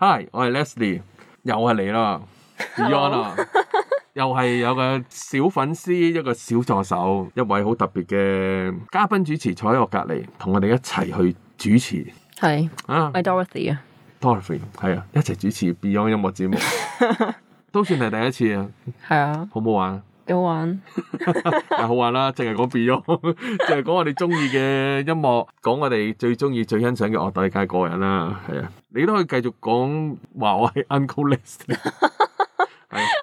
Hi，我係 Leslie，又係你啦，Beyond 啊，Hello 又係有個小粉絲，一個小助手，一位好特別嘅嘉賓主持坐喺我隔籬，同我哋一齊去主持。係啊，係 Dorothy 啊、uh,，Dorothy 係啊，一齊主持 Beyond 音樂節目， 都算係第一次啊，係啊，好唔好玩？好玩，係 好玩啦、啊！淨係講 Beyond，淨係講我哋中意嘅音樂，講我哋最中意、最欣賞嘅樂隊，介個人啦，係啊！你都可以繼續講話我係 Uncle List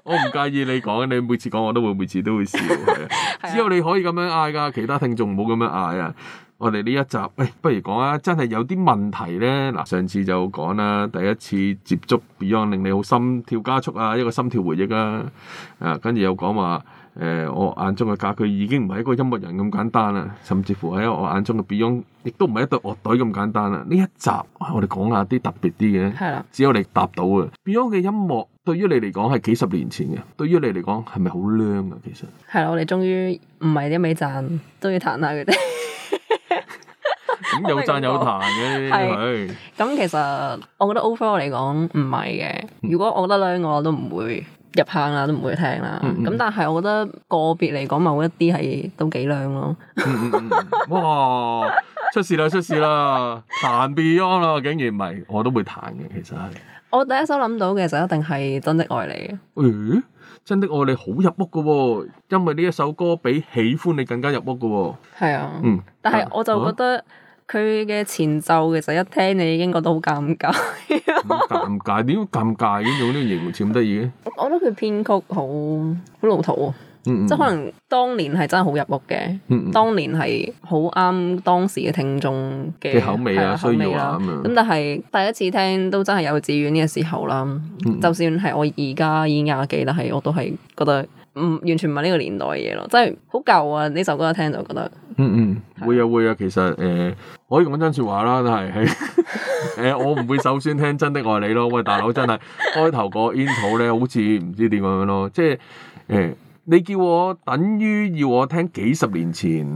我唔介意你講，你每次講我都會每次都會笑，係啊！ 的只有你可以咁樣嗌噶，其他聽眾唔好咁樣嗌啊！我哋呢一集，喂、哎，不如講下真係有啲問題咧。嗱，上次就講啦，第一次接觸 Beyond，令你好心跳加速啊，一個心跳回憶啦、啊。啊，跟住又講話，誒、呃，我眼中嘅佢已經唔係一個音樂人咁簡單啦。甚至乎喺我眼中嘅 Beyond，亦都唔係一隊樂隊咁簡單啦。呢一集，哎、我哋講下啲特別啲嘅，的只有你答到啊。Beyond 嘅音樂，對於你嚟講係幾十年前嘅，對於你嚟講係咪好靚啊？其實係啦，我哋終於唔係一味讚都要彈下佢哋。 有讚有彈嘅呢，咁其實我覺得 overall 嚟講唔係嘅。如果我覺得靚嘅我都唔會入坑啦，都唔會聽啦。咁、嗯嗯、但係我覺得個別嚟講某一啲係都幾靚咯、 嗯嗯。哇！出事啦出事啦，彈 Beyond 啦，竟然唔係我都會彈嘅。其實係我第一首諗到嘅就一定係《真的愛你、欸》。咦？《真的愛你》好入屋嘅喎、哦，因為呢一首歌比《喜歡你》更加入屋嘅喎、哦。係啊。但係我就覺得。佢嘅前奏其實一聽你已經覺得好尷尬、， 嗯、尬，尷尬，點解尷尬呢種形容詞咁得意嘅？我覺得佢編曲好好老土啊，嗯嗯即係可能當年係真係好入屋嘅，嗯嗯當年係好啱當時嘅聽眾嘅口味啊、口味啦、啊、咁。啊、但係第一次聽都真係幼稚園嘅時候啦，嗯嗯就算係我而家已經廿幾，但係我都係覺得。唔完全唔係呢個年代嘅嘢咯，真係好舊啊！呢首歌一聽就覺得，嗯嗯，會啊會啊，其實誒、呃，可以講真説話啦，但係誒，我唔會首先聽真《真的愛你》咯，喂大佬真係開頭個 intro 咧，好似唔知點樣咯，即係誒。呃你叫我等於要我聽幾十年前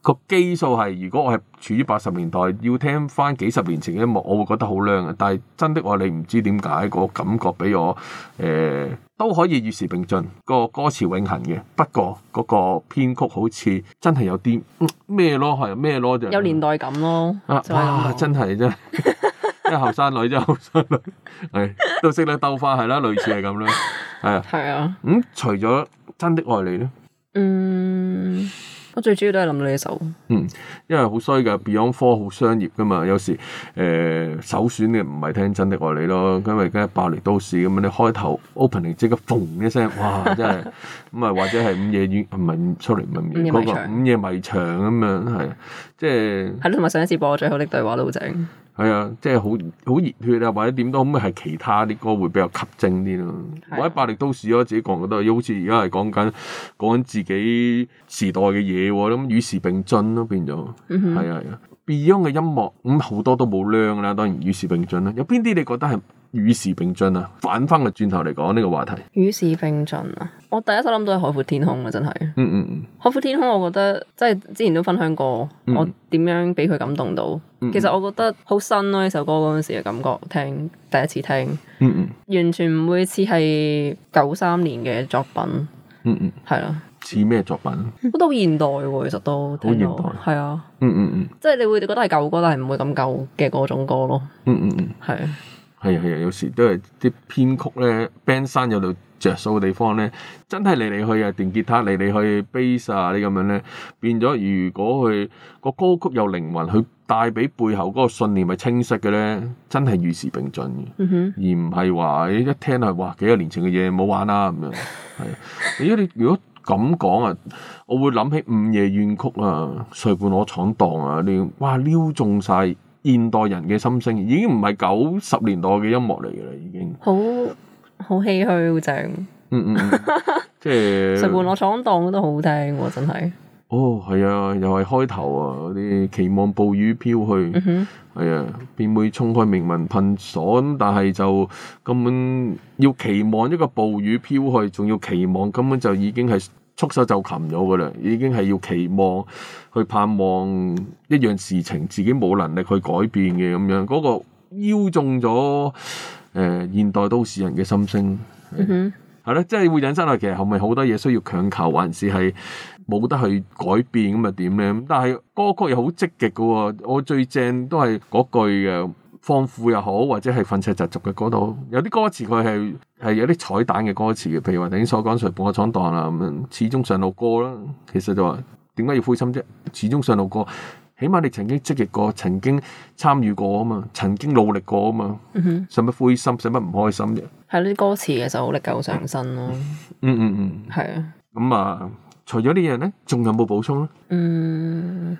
個基數係，如果我係處於八十年代，要聽翻幾十年前嘅音樂，我會覺得好靚嘅。但係真的我你唔知點解個感覺俾我誒都可以與時並進，個歌詞永恆嘅。不過嗰個編曲好似真係有啲咩咯，係咩咯就有年代感咯。啊，哇！真係啫，一後生女啫，後生女係都識得兜花，係啦，類似係咁啦，係啊。係啊。咁除咗真的愛你咧，嗯，我最主要都係諗到呢一首，嗯，因為好衰噶，Beyond Four 好商業噶嘛，有時誒、呃、首選嘅唔係聽真的愛你咯，因為而家爆裂都市咁樣，你開頭 opening 即刻嘣一聲，哇，真係咁啊， 或者係午夜雨唔係出嚟唔咪午夜迷牆，午、那個、夜迷牆咁樣係，即係係咯，同埋、就是、上一次播我最好啲對話都好正。係啊，即係好好熱血啊，或者點都咁啊，係其他啲歌會比較吸睛啲咯。我喺百力都市咯，自己講覺得，要好似而家係講緊講緊自己時代嘅嘢喎，咁、嗯、與時並進咯，變咗。係啊係啊，Beyond 嘅音樂咁好、嗯、多都冇量啦，當然與時並進啦。有邊啲你覺得係？與時並進啊！反翻個轉頭嚟講呢個話題，與時並進啊！我第一首諗到係《海闊天空》啊，真係。嗯嗯嗯，《海闊天空》我覺得即係之前都分享過，我點樣俾佢感動到。其實我覺得好新咯，呢首歌嗰陣時嘅感覺，聽第一次聽。嗯嗯。完全唔會似係九三年嘅作品。嗯嗯。係啊，似咩作品？都好現代喎，其實都。好現代。係啊。嗯嗯嗯。即係你會覺得係舊歌，但係唔會咁舊嘅嗰種歌咯。嗯嗯嗯。係啊。係啊係啊，有時都係啲編曲咧，band 山有度着數嘅地方咧，真係嚟嚟去啊，電吉他嚟嚟去 bass 啊啲咁樣咧，變咗如果佢個歌曲有靈魂，佢帶俾背後嗰個信念咪清晰嘅咧，真係與時並進嘅，mm hmm。而唔係話一聽係、就是、哇幾廿年前嘅嘢唔好玩啦咁樣。係，如果你如果咁講啊，我會諗起午夜怨曲啊、誰伴我闖蕩啊你哇撩中晒。現代人嘅心聲，已經唔係九十年代嘅音樂嚟噶啦，已經。好好唏噓，好正。嗯 嗯，即、嗯、係。誰伴我闖蕩都好聽、啊，真係。哦，係啊，又係開頭啊，嗰啲期望暴雨飄去，係、嗯、哼啊，便會沖開命運噴鎖。咁但係就根本要期望一個暴雨飄去，仲要期望根本就已經係。束手就擒咗噶啦，已經係要期望去盼望一樣事情，自己冇能力去改變嘅咁樣，嗰、那個邀中咗誒、呃、現代都市人嘅心聲，係咯、mm hmm.，即係會引申落其實係咪好多嘢需要強求，還是係冇得去改變咁啊？點咧？但係歌曲又好積極㗎喎，我最正都係嗰句嘅。放富又好，或者係糞車集俗嘅嗰度，有啲歌詞佢係係有啲彩蛋嘅歌詞嘅，譬如話頭先所講誰伴我闖蕩啦，咁樣始終上路歌啦。其實就話點解要灰心啫？始終上路歌，起碼你曾經積極過，曾經參與過啊嘛，曾經努力過啊嘛，使乜灰心？使乜唔開心啫？係啲歌詞其實好歷久常新咯。Hmm. 嗯嗯嗯，係啊。咁啊，除咗呢樣咧，仲有冇補充咧？嗯，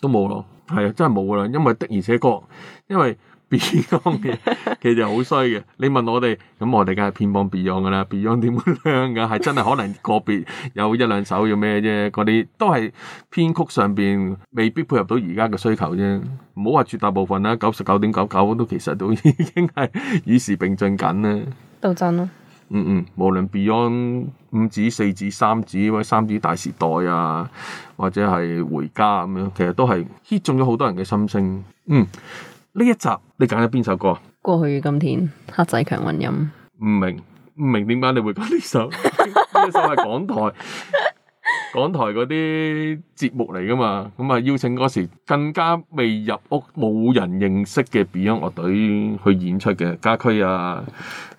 都冇咯。係啊，真係冇啦，因為的而且確，因為 Beyond 嘅，其實好衰嘅。 你問我哋，咁我哋梗係偏幫 Beyond 噶啦。Beyond 點樣㗎？係 真係可能個別有一兩首要咩啫？嗰啲都係編曲上邊未必配合到而家嘅需求啫。唔好話絕大部分啦，九十九點九九都其實都已經係與時並進緊啦。到進咯。嗯嗯，無論 Beyond 五子、四子、三子或者三子大時代啊，或者係回家咁樣，其實都係 hit 中咗好多人嘅心聲。嗯，呢一集你揀咗邊首歌啊？過去與今天，黑仔強混音。唔明唔明點解你會揀呢首？呢 首係港台。 港台嗰啲節目嚟噶嘛咁啊邀請嗰時更加未入屋冇人認識嘅 Beyond 樂隊去演出嘅，家駒啊，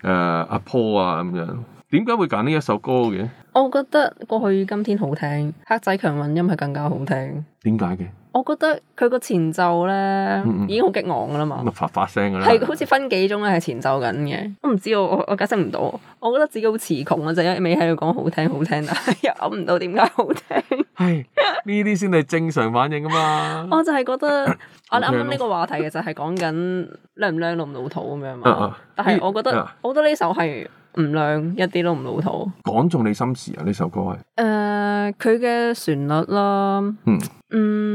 誒、呃、阿、啊、Paul 啊咁樣，點解會揀呢一首歌嘅？我覺得過去與今天好聽，黑仔強混音係更加好聽。點解嘅？我覺得佢個前奏咧，已經好激昂噶啦嘛。咪、嗯嗯嗯、發發聲噶啦，係好似分幾種咧，係前奏緊嘅。我唔知我我解釋唔到。我覺得自己好詞窮啊，就係一味喺度講好聽好聽，但係又諗唔到點解好聽。係呢啲先係正常反應㗎嘛！我就係覺得， 我哋啱啱呢個話題其實係講緊靚唔靚老唔老土咁樣嘛。但係我覺得， 我覺得呢首係唔靚一啲都唔老土。講中你心事啊！呢首歌係誒，佢嘅旋律啦，嗯 嗯。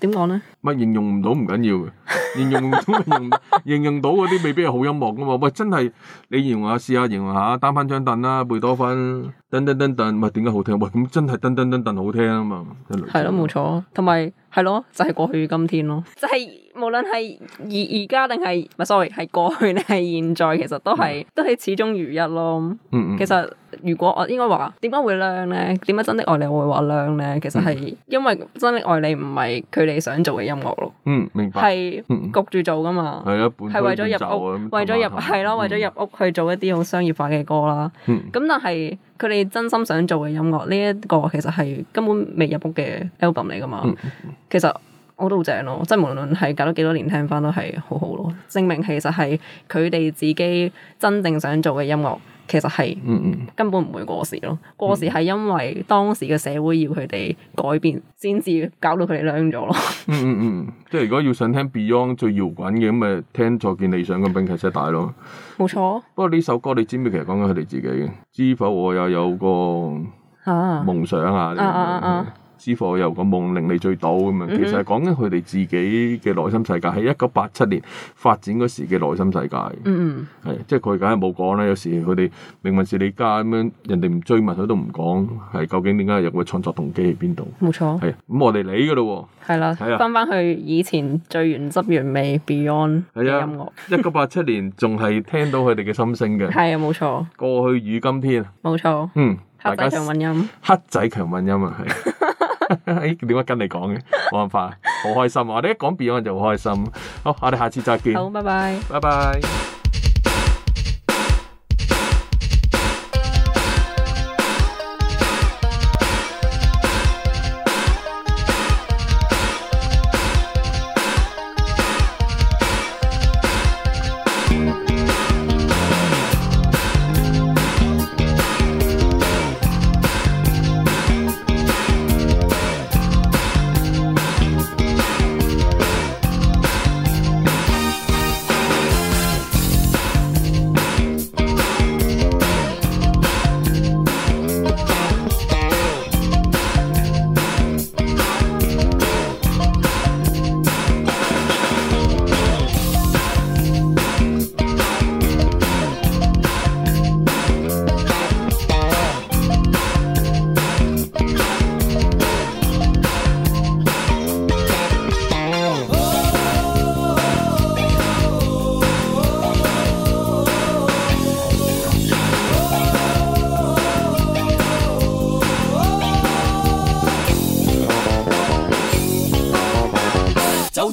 點講咧？乜形容唔到唔緊要嘅， 形容唔到 形容到嗰啲未必係好音樂噶嘛？喂，真係你形容下，試下形容下，單返張凳啦，貝多芬。噔,噔噔噔噔，唔係點解好聽？喂，咁真係噔,噔噔噔噔好聽啊嘛！係咯，冇錯，同埋係咯，就係、是、過去今天咯，就係、是、無論係而而家定係唔係？sorry，係過去定係現在，其實都係、嗯、都係始終如一咯。嗯嗯，其實如果我應該話，點解會靚咧？點解真的愛你我會話靚咧？其實係因為真的愛你唔係佢哋想做嘅音樂咯。嗯，明白。係焗住做噶嘛？係咯、嗯嗯的，係為咗入屋，為咗入係咯，為咗入,、嗯、入,入屋去做一啲好商業化嘅歌啦。嗯,嗯，咁但係。佢哋真心想做嘅音樂，呢、這、一個其實係根本未入屋嘅 album 嚟噶嘛。 其實我都好正咯，即係無論係隔咗幾多年聽翻都係好好、啊、咯，證明其實係佢哋自己真正想做嘅音樂。其實係根本唔會過時咯，過時係因為當時嘅社會要佢哋改變，先至搞到佢哋靚咗咯。嗯嗯嗯，即係如果要想聽 Beyond 最搖滾嘅，咁咪聽《再見理想》咁、《兵騎車大咯。冇錯。不過呢首歌你知唔知其實講緊佢哋自己？嘅，知否我又有個、啊、夢想啊？知火又個夢令你醉倒咁樣，其實講緊佢哋自己嘅內心世界，喺一九八七年發展嗰時嘅內心世界。嗯嗯，係即係佢梗係冇講啦。有時佢哋明運是你家咁樣，人哋唔追問佢都唔講，係究竟點解有個創作動機喺邊度？冇錯。係咁我哋理噶咯喎。係啦。係翻返去以前最原汁原味 Beyond 嘅音樂。一九八七年仲係聽到佢哋嘅心聲嘅。係啊，冇錯。過去與今天。冇錯。嗯。黑仔強混音。黑仔強混音啊，係。哎，點解 跟你講嘅？冇辦法，好開心啊！我哋一講 Beyond 就好開心。好，我哋下次再見。好，拜拜。拜拜。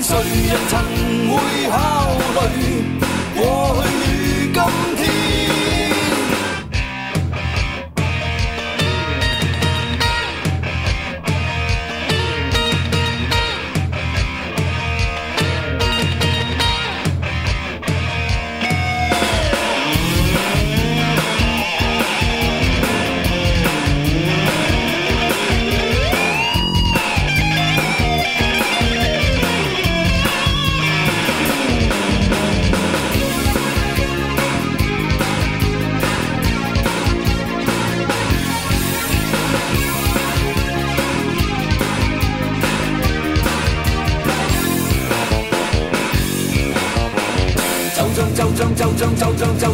誰人曾會考慮過去與今天？